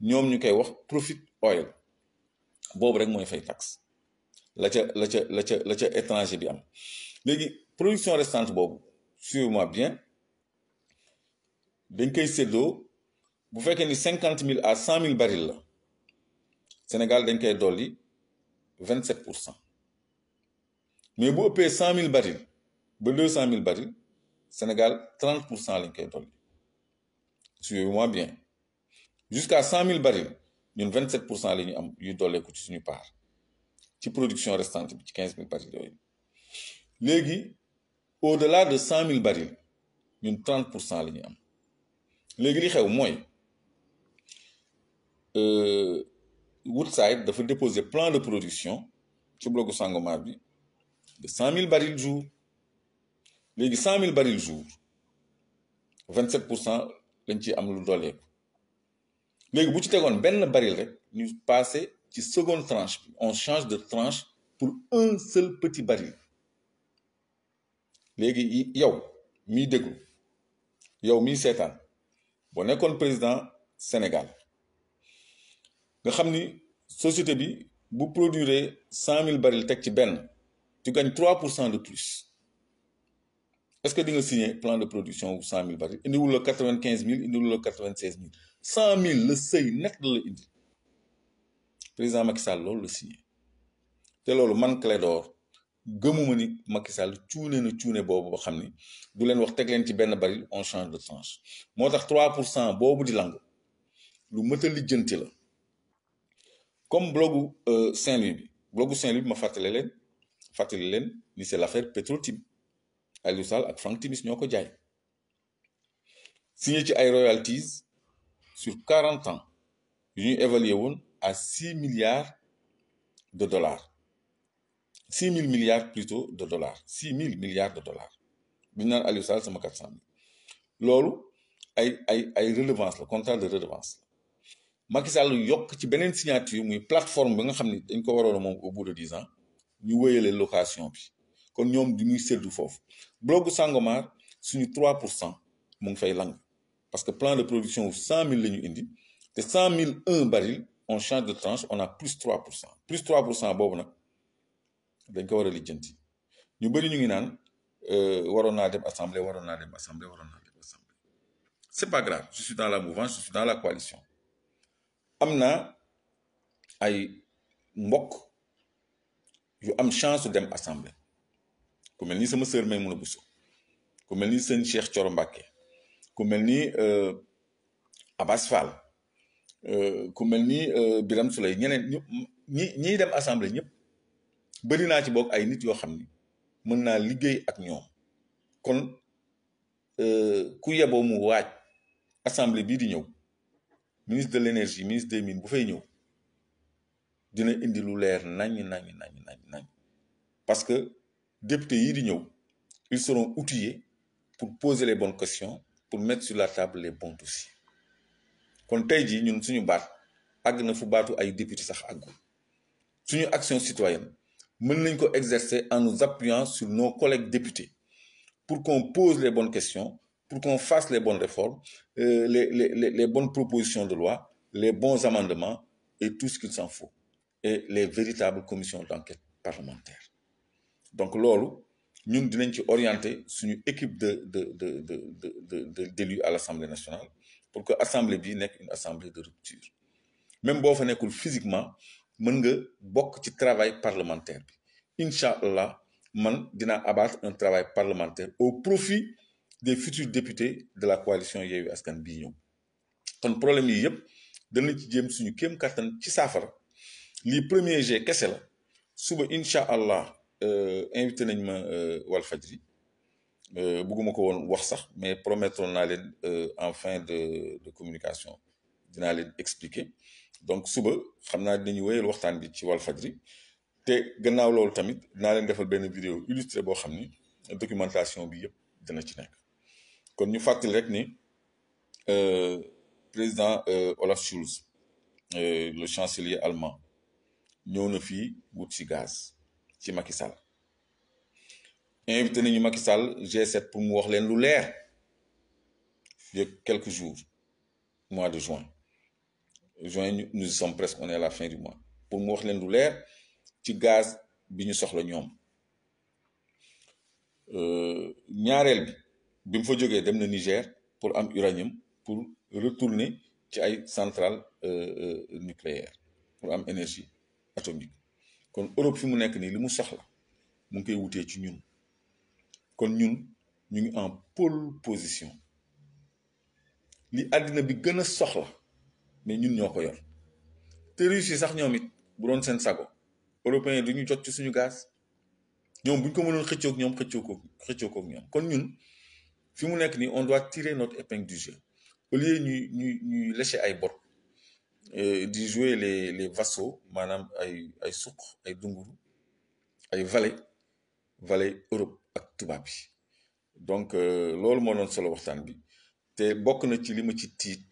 ñoom ñu koy wax profit oil boobu rek mooy fay taxe la ca la ca la ca la ca étranger bi am léegi production restante boobu. suivez-moi bien dañ koy séddoo bu fekkee ni cinquante mille à cent mille baril la Sénégal dañ koy dolli vingt sept pour cent mais bu ëppee cent mille baril ba deux cent mille baril Sénégal trente pour cent lañ koy dolli suivez-moi bien jusqu'à cent mille baril ñun vingt sept pour cent la ñu am yu dolleeku ci suñu part ci production restante bi ci quinze mille baril yooyu léegi au-delà de cent mille barils ñun trente pour cent la ñuy am léegi li xew mooy euh, Woodside dafa déposer plan de production ci blocu Sangomar bi de cent mille barils jour léegi cent mille barils jour vingt sept pour cent lañ ciy am lu dooleeku léegi bu ci tegoon benn baril rek ñu passé ci seconde tranche on change de tranche pour un seul petit baril léegi yow miy déglu yow miy seetaan boo nekkoon président Sénégal nga xam ni société bi bu produire cent mille baril teg ci benn tu gagnes trois pour cent de plus est que di nga signer plan de production wu cent mille baril indiwul la quatre mille indiwul la quatre vingt seize mille cent mille la sëy net la la indi président Macky loolu la signé te loolu man Clédor gëmuma ni Macky Sall cuune na cuune boobu ba xam ni du leen wax teg leen ci benn baril on change de tranche moo tax 3 pour cent boobu di langu lu mët a lijjanti la comme blogu euh, Saint-Louis bi blogu bi ma fàttale leen fàttali leen ni c'est l'affaire Petro-Tim Aliou Sall ak Franck Timis ñoo ko jaay signé ci ay royalties sur quarante ans yu ñuy évalué woon à 6 milliards de dollars six mille milliards plutôt de dollars six mille milliards de dollars bu ñu naan Aliou Sall sama quatre cent mille loolu ay ay ay relevance la contrat de redevance la Macky yokk ci beneen signature muy plateforme bi nga xam ne dañ ko waroon moom au bout de dix ans ñu wéyale location bi kon ñoom di muy seddu foofu blogu Sangomar suñu trois pour cent mu ngi fay lang parce que plan de production wu cent mille la indi te cent mille un baril on change de a plus trois pour cent boobu nag dañ ko war a lijjanti ñu bëri ñu ngi naan euh, waroon naa dem assemblée waroon naa dem assemblée waroon naa dem assemblée c'est pas grave je dans la mouvance je dans la coalition am na ay mbokk yu am chance su dem assemblée ku mel ni sama sœur Maïmouna Bousso ku mel ni sëñ Cheikh Thioro mbake ku mel ni euh, Abass Fall euh, ku mel ni Birame Souleye ñeneen ñi ñi dem assemblée ñëpp. bëri naa ci bokk ay nit yoo xam ne mën naa liggéey ak ñoom kon euh, ku yeboo mu waaj assemblée bii di ñëw ministre de l'énergie ministre des mines bu fay ñëw dina indi lu leer nañ nañ nañ nañ nañ parce que député yii di ñëw ils seront outillés pour poser les bonnes questions pour mettre sur la table les bons kon tey jii ñun suñu baat àgg na fu baatu ay député sax àggul suñu action citoyenne mën nañ ko exercer en nous appuyant sur nos collègues députés pour qu'on pose les bonnes questions pour qu'on fasse les bonnes réformes euh, les, les les bonnes propositions de loi les bons amendements et tout ce qu'il s'en faut et les véritables commissions d'enquête parlementaire donc loolu ñun dinañ ci orienter suñu équipe de de de de de de d'élus à l'Assemblée nationale pour que assemblée bi nekk une assemblée de rupture même boo fa nekkul physiquement mën nga bokk ci travail parlementaire bi incha allah man dinaa abattre un travail parlementaire au profit des futurs députés de la coalition Yewwi Askan bii ñëw kon problème yi yëpp danañ ci jéem suñu kéem kattan ci saafara lii premier G kese la suba incha allah euh, invité nañ ma euh, Walfadjri euh, bugguma ko woon wax sax mais promettoon naa leen en fin de de communication dinaa leen expliquer donc suba xam naa dinañu wéyal waxtaan bi ci Walfadjri te gannaaw loolu tamit naa leen defal benn vidéo illustré boo xam ni documentation bi yëpp dina ci nekk kon ñu fàttali rek ni euh, président euh, Olaf Scholz euh, le chancelier allemand ñëw na fii wut si gaz ci Macky invité nañu Macky Sall G7 pour mu wax leen lu leer fii quelque jours mois de juin juin nous sommes presque on est la fin du mois pour mu wax leen lu leer ci gaz bi ñu soxla ñoom euh, ñaareel bi bi mu fa jógee dem na Niger pour am uranium pour retourner ci ay centrale euh, euh, nucléaire pour am énergie atomique kon Europe fi mu nekk nii li mu soxla mu ngi koy wutee ci ñun kon ñun ñu ngi en pole position li àddina bi gën a soxla mais ñun ñoo ko yor te Russes yi sax ñoom it bu doon seen sago européens du ñu jot ci suñu gaz ñoom bu ko mënoon xëccoo ñoom xëccoo ko xëccoo ñoom kon ñun fi mu nekk nii on doit tirer notre épingle du jeu au lieu ñuy ñuy ñuy lécher ay bor euh, di jouer les les vassaux maanaam ay ay suq ay dunguru ay vale valet Europe ak tubaab bi donc euh, loolu moo doon solo waxtaan bi te bokk na ci li ma ci tiit.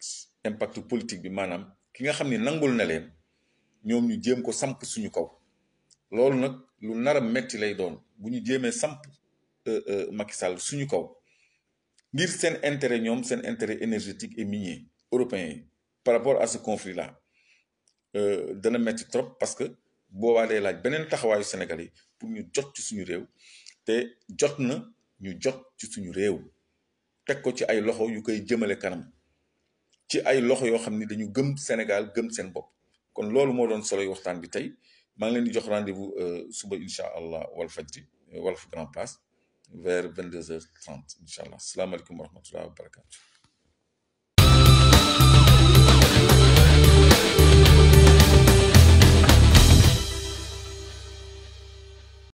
impact politique bi maanaam ki nga xam ni nangul na leen ñoom ñu jéem ko samp suñu kaw loolu nag lu nar a metti lay doon bu ñu jéemee samp euh, euh, Macky Sall suñu kaw ngir seen intérêt ñoom seen intérêt énergétique et minier européen yi par rapport à ce conflit là euh, dana metti trop parce que boobaa day laaj beneen taxawaayu Sénégal yi pour ñu jot ci suñu réew te jot na ñu jot ci suñu réew teg ko ci ay loxo yu koy jëmale kanam ci ay loxo yoo xam ni dañoo gëm Sénégal gëm seen bopp kon loolu moo doon solo waxtaan bi tey maa ngi leen di jox rendez-vous euh, suba incha allah Walfadjri Walf Grand Place vers 22h30 incha allah salaamaaleykum wa rahmatulah wa barakatu.